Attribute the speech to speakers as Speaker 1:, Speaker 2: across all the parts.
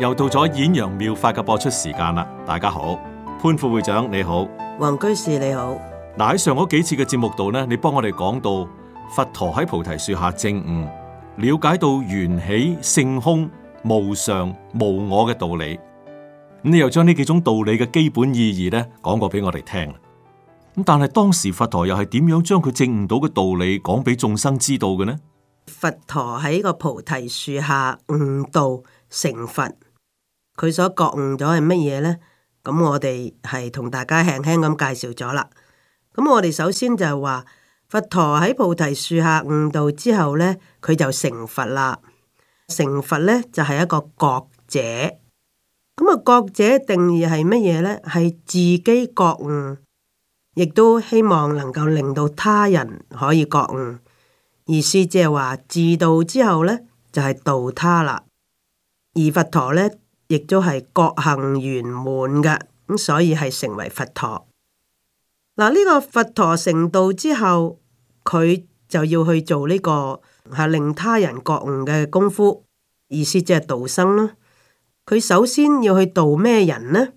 Speaker 1: 又到咗演揚妙，妙法嘅播出時間啦！大家好，潘副會長你好，
Speaker 2: 王居士你好。
Speaker 1: 嗱，喺上嗰幾次嘅節目度呢，你幫我哋講到佛陀喺菩提樹下證悟，了解到緣起性空、無常、無我嘅道理。咁你又將呢幾種道理嘅基本意義呢，講過俾我哋聽。咁但係當時佛陀又係點樣將佢證悟到嘅道理講俾眾生知道嘅呢？
Speaker 2: 佛陀喺個菩提樹下悟道成佛。佢所覺悟咗係乜嘢呢？咁我哋係同大家輕輕咁介紹咗啦。咁我哋首先就係話，佛陀喺菩提樹下悟道之後呢，佢就成佛啦。成佛呢，就係一個覺者。咁啊，覺者定義係乜嘢呢？係自己覺悟，亦都希望能夠令到他人可以覺悟。意思即係話，自度之後呢，就係度他啦。而佛陀呢，亦都係覺行圓滿嘅，咁所以係成為佛陀。嗱，呢個佛陀成道之後，佢就要去做呢、這個、啊、令他人覺悟嘅功夫，意思即係度生咯。佢首先要去度咩人呢？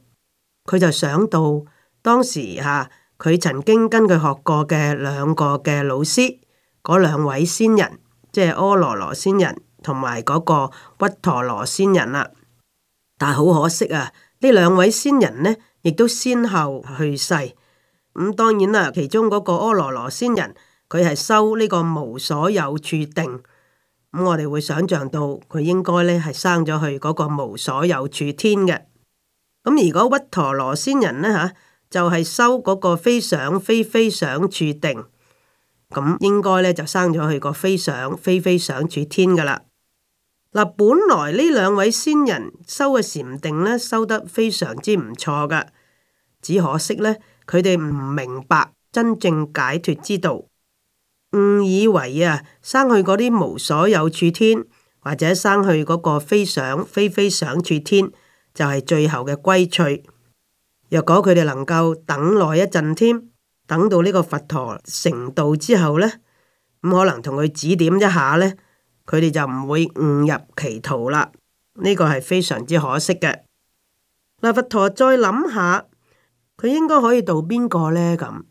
Speaker 2: 佢就想到當時吓佢、啊、曾經跟佢學過嘅兩個嘅老師，嗰兩位仙人，即係阿羅羅仙人同埋嗰個屈陀羅仙人啦。但係好可惜啊！呢兩位仙人呢，亦都先後去世。咁、嗯、當然啦，其中嗰個阿羅羅仙人，佢係修呢個無所有處定。咁、嗯、我哋會想象到佢應該呢係生咗去嗰個無所有處天嘅。咁如果屈陀羅仙人呢吓、啊，就係修嗰個非想非非想處定。咁、嗯、應該呢就生咗去個非想非非想處天噶啦。嗱，本來呢兩位仙人修嘅禪定咧，修得非常之唔錯噶。只可惜咧，佢哋唔明白真正解脫之道，誤以為啊，生去嗰啲無所有處天，或者生去嗰個非想非非想處天，就係最後嘅歸趣。若果佢哋能夠等耐一陣添，等到呢個佛陀成道之後咧，咁可能同佢指點一下咧。佢哋就唔會誤入歧途啦，呢個係非常之可惜嘅。嗱，佛陀再諗下，佢應該可以度邊個呢？咁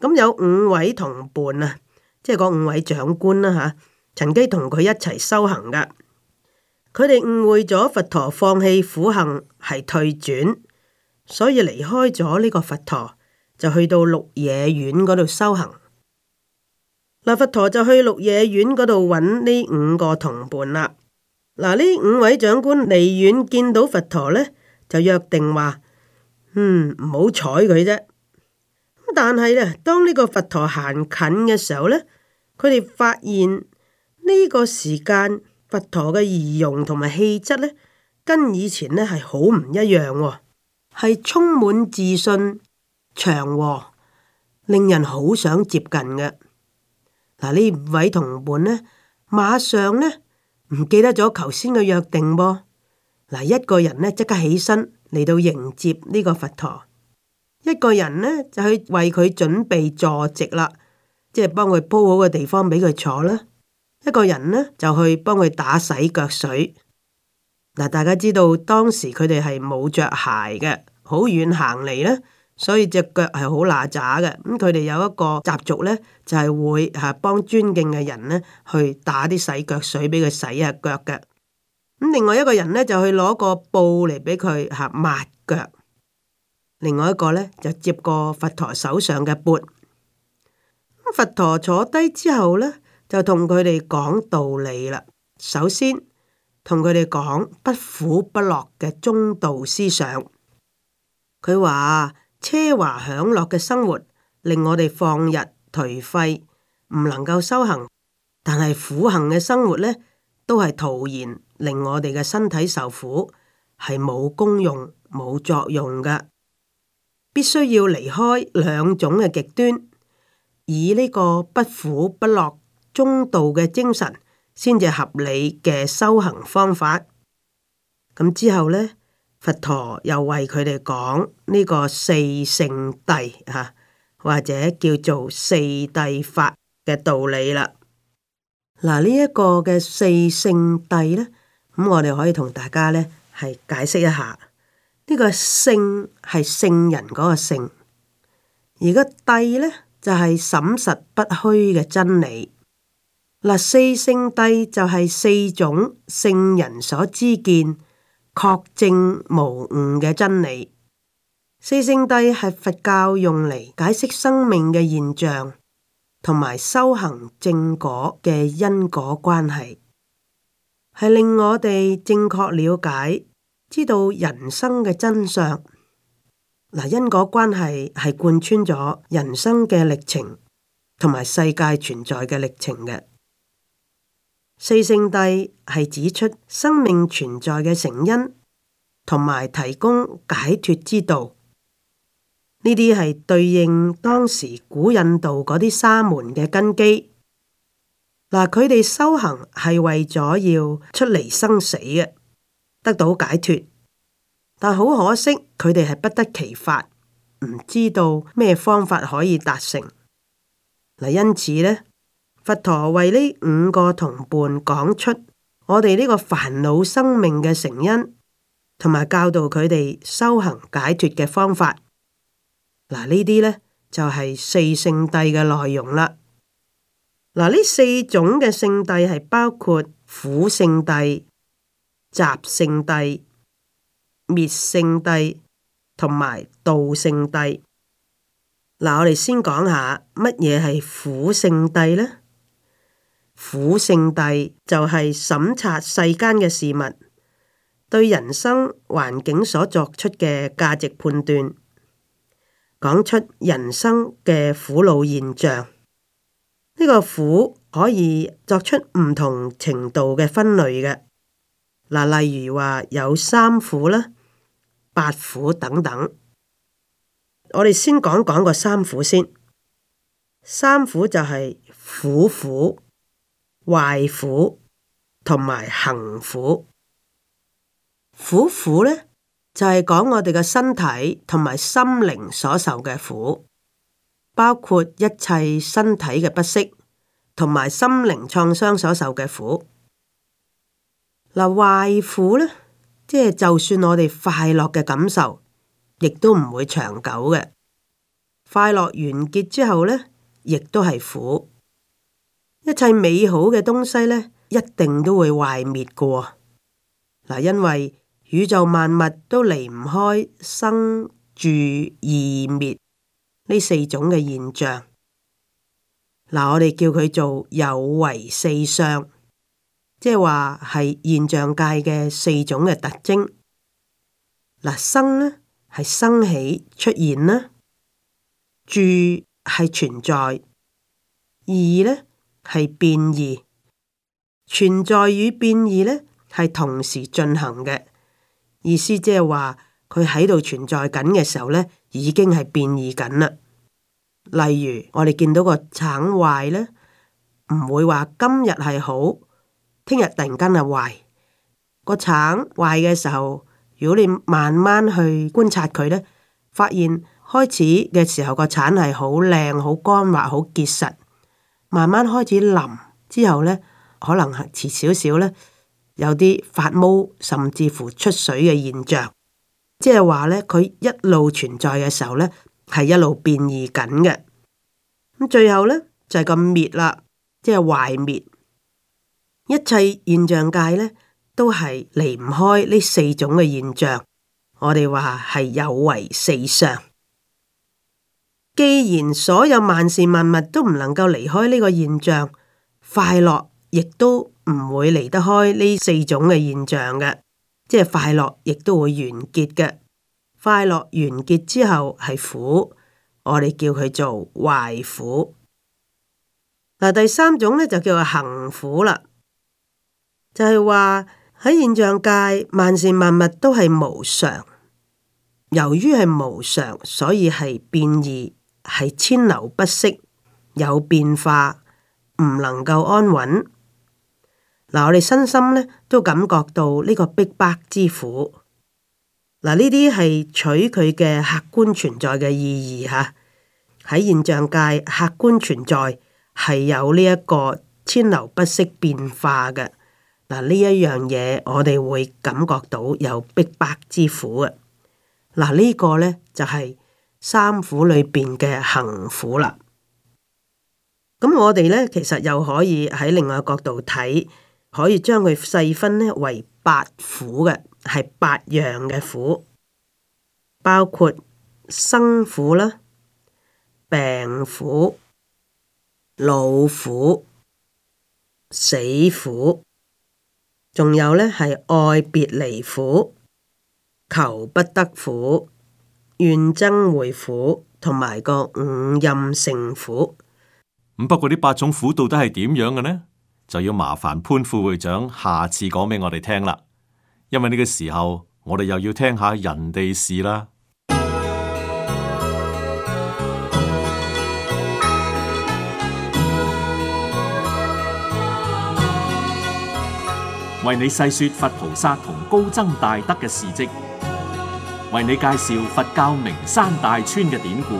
Speaker 2: 咁有五位同伴啊，即係嗰五位長官啦吓、啊，曾經同佢一齊修行噶。佢哋誤會咗佛陀放棄苦行係退轉，所以離開咗呢個佛陀，就去到鹿野苑嗰度修行。嗱，佛陀就去綠野苑嗰度揾呢五個同伴啦。嗱，呢五位長官離遠見到佛陀呢，就約定話：嗯，唔好睬佢啫。但係呢，當呢個佛陀行近嘅時候呢，佢哋發現呢個時間佛陀嘅儀容同埋氣質呢，跟以前呢係好唔一樣，係充滿自信、祥和，令人好想接近嘅。嗱，呢五位同伴呢，馬上呢，唔記得咗頭先嘅約定噃。嗱，一個人呢，即刻起身嚟到迎接呢個佛陀，一個人呢，就去為佢準備坐席啦，即係幫佢鋪好個地方俾佢坐啦。一個人呢，就去幫佢打洗腳水。嗱，大家知道當時佢哋係冇着鞋嘅，好遠行嚟呢。所以隻腳係好乸渣嘅，咁佢哋有一個習俗呢，就係、是、會嚇幫尊敬嘅人呢去打啲洗腳水俾佢洗下腳嘅。咁另外一個人呢，就去攞個布嚟俾佢嚇抹腳，另外一個呢，就接過佛陀手上嘅缽。佛陀坐低之後呢，就同佢哋講道理啦。首先同佢哋講不苦不樂嘅中道思想。佢話：奢華享樂嘅生活令我哋放日頹廢，唔能夠修行；但係苦行嘅生活呢，都係徒然令我哋嘅身體受苦，係冇功用、冇作用噶。必須要離開兩種嘅極端，以呢個不苦不樂中道嘅精神，先至合理嘅修行方法。咁之後呢。佛陀又為佢哋講呢個四聖諦啊，或者叫做四諦法嘅道理啦。嗱，呢一個嘅四聖諦呢，咁我哋可以同大家呢係解釋一下。呢個聖係聖人嗰個聖，而個諦呢，就係審實不虛嘅真理。嗱，四聖諦就係四種聖人所知見。確證無誤嘅真理，四聖諦係佛教用嚟解釋生命嘅現象，同埋修行正果嘅因果關係，係令我哋正確了解知道人生嘅真相。嗱，因果關係係貫穿咗人生嘅歷程，同埋世界存在嘅歷程嘅。四聖諦係指出生命存在嘅成因，同埋提供解脫之道。呢啲係對應當時古印度嗰啲沙門嘅根基。嗱，佢哋修行係為咗要出離生死嘅，得到解脫。但好可惜，佢哋係不得其法，唔知道咩方法可以達成。嗱，因此呢。佛陀為呢五個同伴講出我哋呢個煩惱生命嘅成因，同埋教導佢哋修行解脫嘅方法。嗱，呢啲咧就係四聖諦嘅內容啦。嗱，呢四種嘅聖諦係包括苦聖諦、集聖諦、滅聖諦同埋道聖諦。嗱，我哋先講下乜嘢係苦聖諦咧？苦聖諦就係審察世間嘅事物，對人生環境所作出嘅價值判斷，講出人生嘅苦惱現象。呢、這個苦可以作出唔同程度嘅分類嘅，嗱，例如話有三苦啦，八苦等等。我哋先講講個三苦先，三苦就係苦苦，壞苦同埋行苦，苦苦呢，就係、是、講我哋嘅身體同埋心靈所受嘅苦，包括一切身體嘅不適同埋心靈創傷所受嘅苦。嗱，壞苦呢，即、就、係、是、就算我哋快樂嘅感受，亦都唔會長久嘅。快樂完結之後呢，亦都係苦。一切美好嘅東西呢，一定都會壞滅噶。嗱，因為宇宙萬物都離唔開生、住、異滅呢四種嘅現象。嗱、呃，我哋叫佢做有為四相，即係話係現象界嘅四種嘅特徵。嗱、呃，生呢係生起出現啦，住係存在，異呢，係變異，存在與變異呢，係同時進行嘅。意思即係話，佢喺度存在緊嘅時候呢，已經係變異緊啦。例如我哋見到個橙壞呢，唔會話今日係好，聽日突然間就壞。個橙壞嘅時候，如果你慢慢去觀察佢呢，發現開始嘅時候個橙係好靚、好乾滑、好結實。慢慢開始淋之後呢，可能遲少少呢，有啲發毛，甚至乎出水嘅現象，即係話呢，佢一路存在嘅時候呢，係一路變異緊嘅。咁最後呢，就係咁滅啦，即係壞滅。一切現象界呢，都係離唔開呢四種嘅現象，我哋話係有為四相。既然所有萬事萬物都唔能夠離開呢個現象，快樂亦都唔會離得開呢四種嘅現象嘅，即係快樂亦都會完結嘅。快樂完結之後係苦，我哋叫佢做壞苦。嗱，第三種呢，就叫做行苦啦，就係話喺現象界萬事萬物都係無常，由於係無常，所以係變異。係遷流不息，有變化，唔能夠安穩。嗱，我哋身心咧都感覺到呢個逼迫之苦。嗱，呢啲係取佢嘅客觀存在嘅意義吓，喺現象界客觀存在係有呢一個遷流不息變化嘅。嗱，呢一樣嘢我哋會感覺到有逼迫之苦啊。嗱，呢個咧就係、是。三苦裏邊嘅行苦啦，咁我哋呢，其實又可以喺另外個角度睇，可以將佢細分呢為八苦嘅，係八樣嘅苦，包括生苦啦、病苦、老苦、死苦，仲有呢係愛別離苦、求不得苦。怨憎會苦同埋個五蘊盛苦，
Speaker 1: 咁，不過呢八種苦到底係點樣嘅呢？就要麻煩潘副會長下次講俾我哋聽啦。因為呢個時候我哋又要聽下人哋事啦。為你細說佛菩薩同高僧大德嘅事跡。exemplo Why ?為你介紹佛教名山大川嘅典故，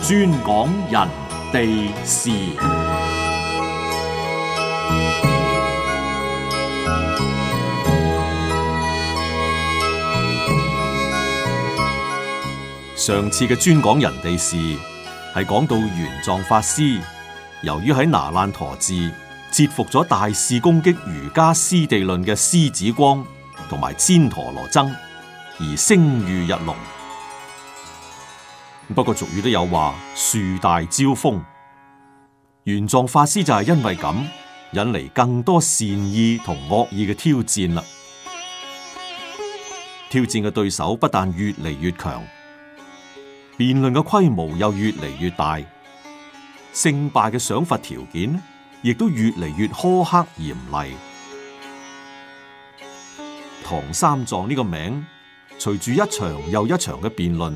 Speaker 1: 專講人地事。上次嘅專講人地事係講到玄奘法師，由於喺拿爛陀寺折服咗大肆攻擊瑜伽師地論嘅獅子光同埋千陀羅僧，而聲譽日隆，不過俗語都有話樹大招風，玄奘法師就係因為咁引嚟更多善意同惡意嘅挑戰啦。挑戰嘅對手不但越嚟越強，辯論嘅規模又越嚟越大，勝敗嘅賞罰條件亦都越嚟越苛刻嚴厲。唐三藏呢個名。隨住一場又一場嘅辯論，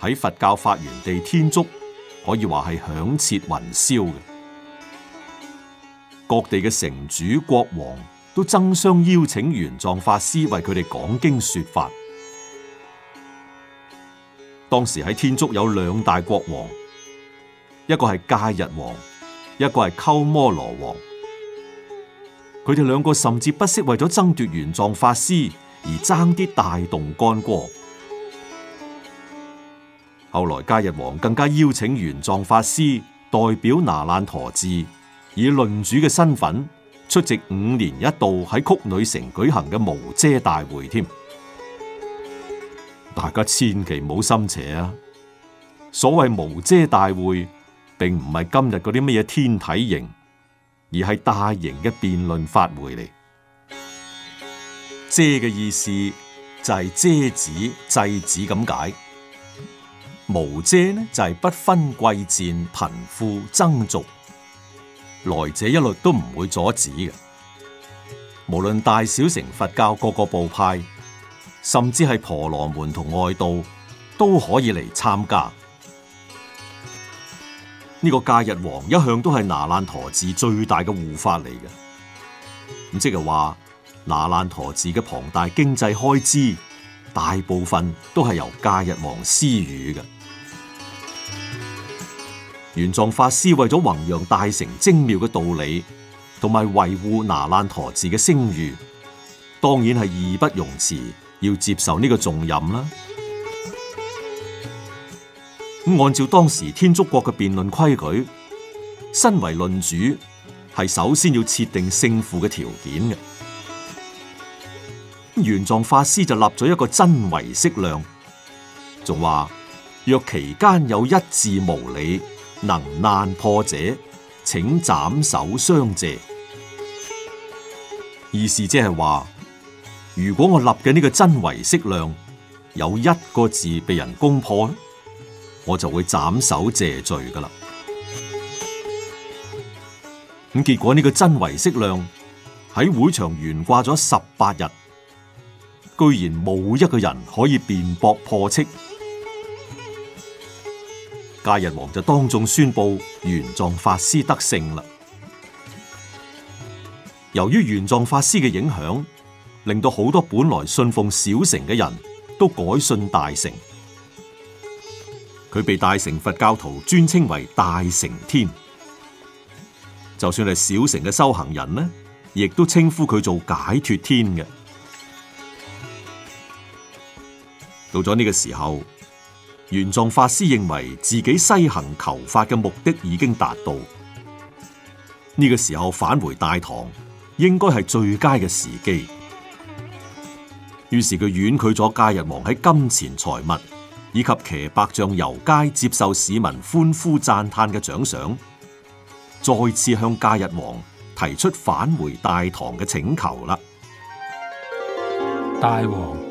Speaker 1: 喺佛教發源地天竺，可以話係響徹雲霄嘅。各地嘅城主、國王都爭相邀請玄奘法師為佢哋講經說法。當時喺天竺有兩大國王，一個係戒日王，一個係鳩摩羅王。佢哋兩個甚至不惜為咗爭奪玄奘法師。而爭啲大動干戈。後來嘉日王更加邀請玄奘法師代表那爛陀寺，以論主嘅身份出席五年一度喺曲女城舉行嘅無遮大會添。大家千祈唔好心邪啊！所謂無遮大會，並唔係今日嗰啲乜嘢天體型，而係大型嘅辯論法會嚟。.遮嘅意思就係遮止、制止咁解。無遮呢就係不分貴賤、貧富、僧俗，來者一律都唔會阻止嘅。無論大小乘佛教各個部派，甚至係婆羅門同外道，都可以嚟參加。呢、這個戒日王一向都係那爛陀寺最大嘅護法嚟嘅。咁即係話。拿爛陀寺嘅龐大經濟開支，大部分都係由戒日王施予嘅。玄奘法師為咗弘揚大乘精妙嘅道理，同埋維護那爛陀寺嘅聲譽，當然係義不容辭要接受呢個重任啦。咁按照當時天竺國嘅辯論規矩，身為論主係首先要設定勝負嘅條件嘅。玄奘法師就立咗一個真唯識量，仲話：若期間有一字無理能難破者，請斬首相謝。意思即係話，如果我立嘅呢個真唯識量有一個字被人攻破，我就會斬首謝罪噶啦。咁結果呢個真唯識量喺會場懸掛咗十八日。居然冇一個人可以辯駁破斥，戒日王就當眾宣佈玄奘法師得勝啦。由於玄奘法師嘅影響，令到好多本來信奉小乘嘅人都改信大乘。佢被大乘佛教徒尊稱為大乘天，就算係小乘嘅修行人呢，亦都稱呼佢做解脫天嘅。到咗呢個時候，玄奘法師認為自己西行求法嘅目的已經達到，呢、這個時候返回大唐應該係最佳嘅時機。於是佢婉拒咗戒日王喺金錢財物以及騎白象遊街接受市民歡呼讚歎嘅獎賞，再次向戒日王提出返回大唐嘅請求啦。大王。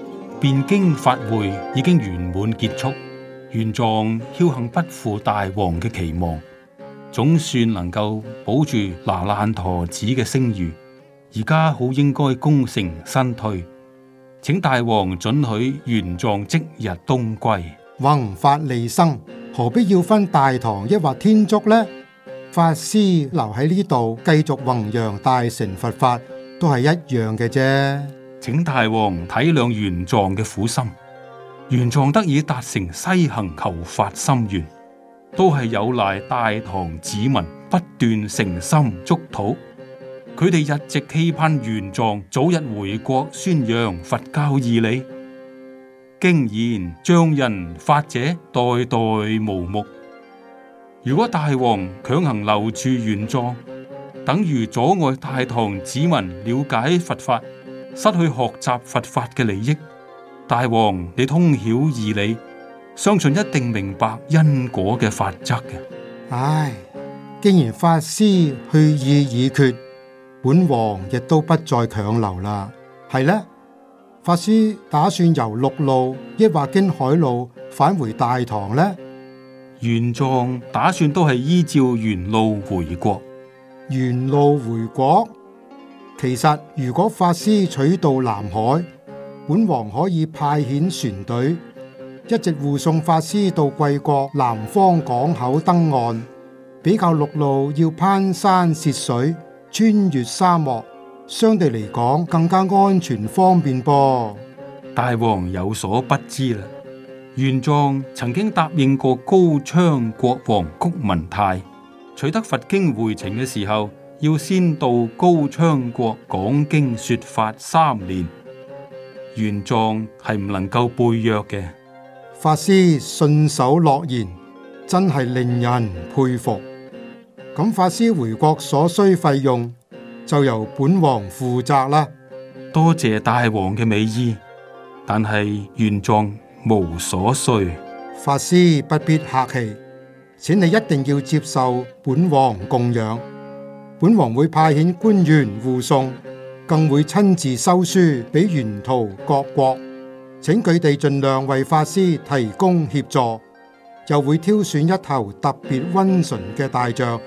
Speaker 1: 辯
Speaker 3: 經法會已經圓滿結束，玄奘僥倖不負大王嘅期望，總算能夠保住那爛陀寺嘅聲譽。而家好應該功成身退，請大王准許玄奘即日東歸。
Speaker 4: 弘法利生，何必要分大唐抑或天竺呢？法師留喺呢度繼續弘揚大乘佛法，都係一樣嘅啫。
Speaker 3: 請大王體諒玄奘嘅苦心，玄奘得以達成西行求法心願，都係有賴大唐子民不斷誠心祝禱。佢哋一直期盼玄奘早日回國宣揚佛教義理，竟然將人法者代代無目。如果大王強行留住玄奘，等於阻礙大唐子民了解佛法。失去學習佛法嘅利益，大王你通曉義理，相信一定明白因果嘅法則嘅。
Speaker 4: 唉，既然法師去意已決，本王亦都不再強留啦。係呢？法師打算由陸路，抑或經海路返回大唐呢？玄奘
Speaker 3: 打算都係依照原路回國。
Speaker 4: 原路回國。其實，如果法師取道南海，本王可以派遣船隊，一直護送法師到貴國南方港口登岸。比較陸路要攀山涉水、穿越沙漠，相對嚟講更加安全方便噃。大王有
Speaker 3: 所不知啦，玄奘曾經答應過高昌國王麹文泰，取得佛經回程嘅時候，要先到高昌國講經說法三年，玄奘係唔能夠背約嘅。法師信守諾言，真係令
Speaker 4: 人佩服。咁法師回國所需費用就由本王負責啦。
Speaker 3: 多謝大王嘅美意，但係玄奘無所需。
Speaker 4: 法師不必客氣，請你一定要接受本王供養。本王會派遣官員護送，更會親自收書俾沿途各國，請佢哋盡量為法師提供協助。又會挑選一頭特別溫順嘅大象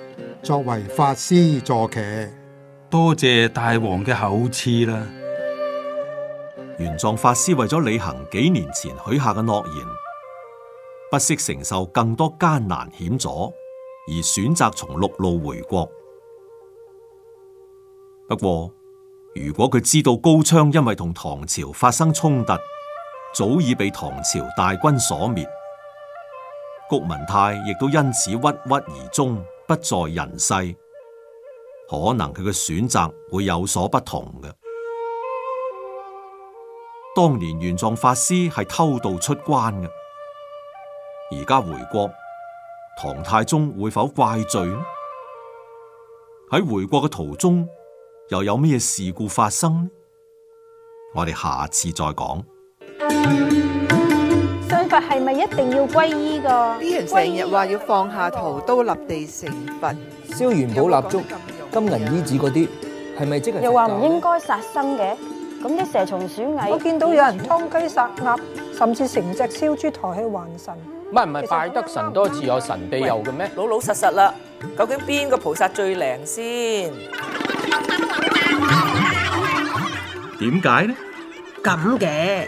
Speaker 4: 作為法師坐騎。
Speaker 1: 多謝大王嘅厚賜啦！玄奘法師為咗履行幾年前許下嘅諾言，不惜承受更多艱難險阻，而選擇從陸路回國。不過，如果佢知道高昌因為同唐朝發生衝突，早已被唐朝大軍所滅，谷文泰亦都因此鬱鬱而終，不在人世，可能佢嘅選擇會有所不同嘅。當年玄奘法師係偷渡出關嘅，而家回國，唐太宗會否怪罪？喺回國嘅途中，又有咩事故發生呢？我哋下次再講。信佛係咪一定要皈依噶？呢人成日話要放下屠
Speaker 2: 刀立地成
Speaker 1: 佛，燒元寶蠟燭、金銀衣子嗰啲，係咪、嗯、即係？又話唔應
Speaker 2: 該殺生嘅，咁啲蛇蟲鼠蟻，我見到有人劏雞殺鴨，甚至成隻燒豬抬去還神。
Speaker 1: 唔係唔係，拜得神多自有神庇佑嘅
Speaker 2: 咩？老老實實啦，究竟邊個菩薩最靈先？點解呢？咁嘅，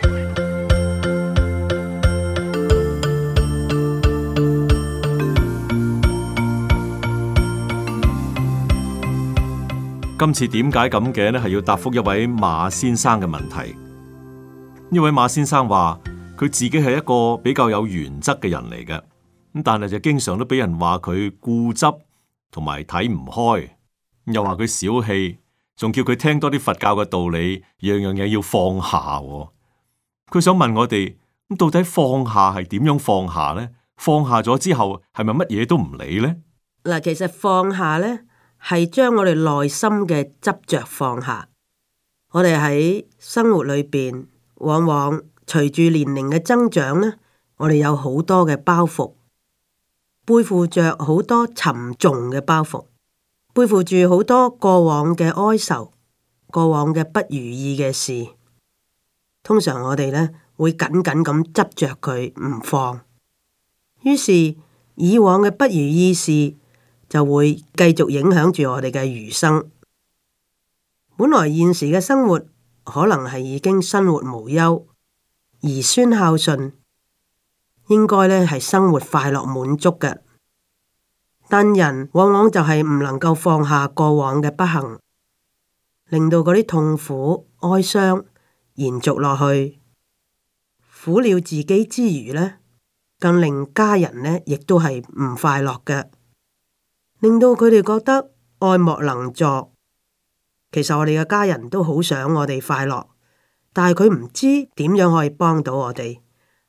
Speaker 1: 今次點解咁嘅呢？係要答复一位馬先生嘅問題。呢位馬先生話佢自己係一個比較有原則嘅人嚟嘅，咁但係就經常都俾人話佢固執，同埋睇唔開，又話佢小氣。仲叫佢聽多啲佛教嘅道理，樣樣嘢要放下哦。佢想問我哋咁到底放下係點樣放下呢？放下咗之後係咪乜嘢都唔理呢？
Speaker 2: 嗱，其實放下咧係將我哋內心嘅執着放下。我哋喺生活裏邊，往往隨住年齡嘅增長咧，我哋有好多嘅包袱，背負着好多沉重嘅包袱。背負住好多過往嘅哀愁，過往嘅不如意嘅事，通常我哋呢會緊緊咁執着佢唔放，於是以往嘅不如意事就會繼續影響住我哋嘅餘生。本來現時嘅生活可能係已經生活無憂，兒孫孝順，應該呢係生活快樂滿足嘅。但人往往就係唔能夠放下過往嘅不幸，令到嗰啲痛苦哀傷延續落去，苦了自己之餘呢，更令家人呢亦都係唔快樂嘅，令到佢哋覺得愛莫能助。其實我哋嘅家人都好想我哋快樂，但係佢唔知點樣可以幫到我哋，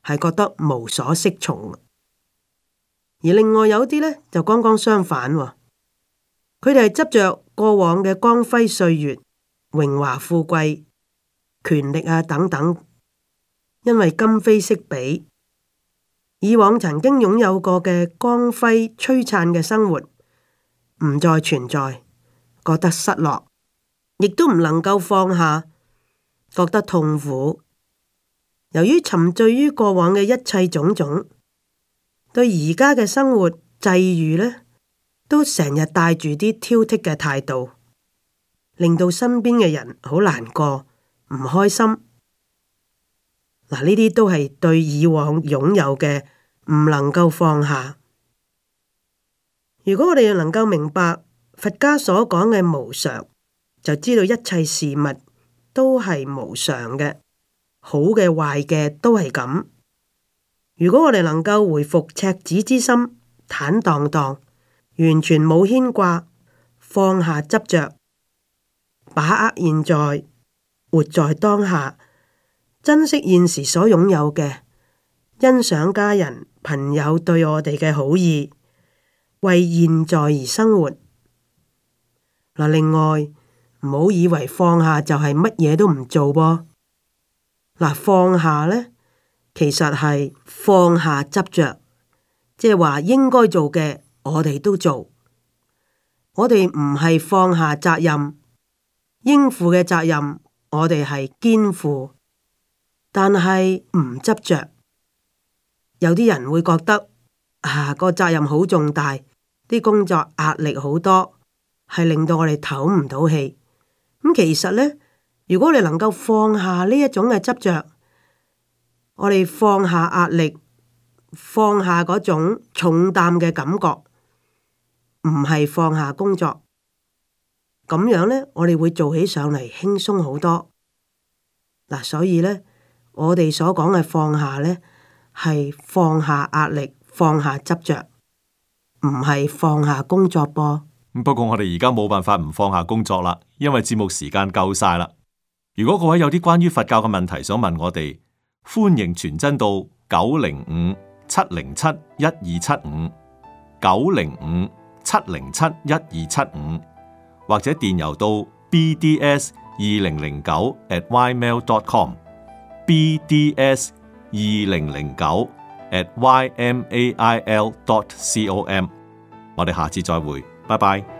Speaker 2: 係覺得無所適從。而另外有啲呢，就剛剛相反，哦，佢哋係執著過往嘅光輝歲月、榮華富貴、權力啊等等，因為今非昔比，以往曾經擁有過嘅光輝璀璨嘅生活唔再存在，覺得失落，亦都唔能夠放下，覺得痛苦。由於沉醉於過往嘅一切種種。對而家嘅生活際遇呢，都成日帶住啲挑剔嘅態度，令到身邊嘅人好難過、唔開心。嗱，呢啲都係對以往擁有嘅唔能夠放下。如果我哋能夠明白佛家所講嘅無常，就知道一切事物都係無常嘅，好嘅、壞嘅都係咁。如果我哋能夠回復赤子之心，坦蕩蕩，完全冇牽掛，放下執着，把握現在，活在當下，珍惜現時所擁有嘅，欣賞家人朋友對我哋嘅好意，為現在而生活。嗱，另外唔好以為放下就係乜嘢都唔做噃。嗱，放下呢。其實係放下執着，即係話應該做嘅，我哋都做。我哋唔係放下責任，應負嘅責任我哋係肩負，但係唔執着。有啲人會覺得啊，個責任好重大，啲工作壓力好多，係令到我哋唞唔到氣。咁其實呢，如果你能夠放下呢一種嘅執着，我哋放下壓力，放下嗰種重擔嘅感覺，唔係放下工作。咁樣呢，我哋會做起上嚟輕鬆好多。嗱，所以呢，我哋所講嘅放下呢，係放下壓力，放下執着，唔係放下工作噃。咁
Speaker 1: 不過我哋而家冇辦法唔放下工作啦，因為節目時間夠曬啦。如果各位有啲關於佛教嘅問題想問我哋。歡迎傳真到九零五七零七一二七五九零五七零七一二七五，75, 75，或者電郵到 bds 二零零九 at ymail dot com bds 二零零九 at y m a i l dot c o m 我哋下次再會，拜拜。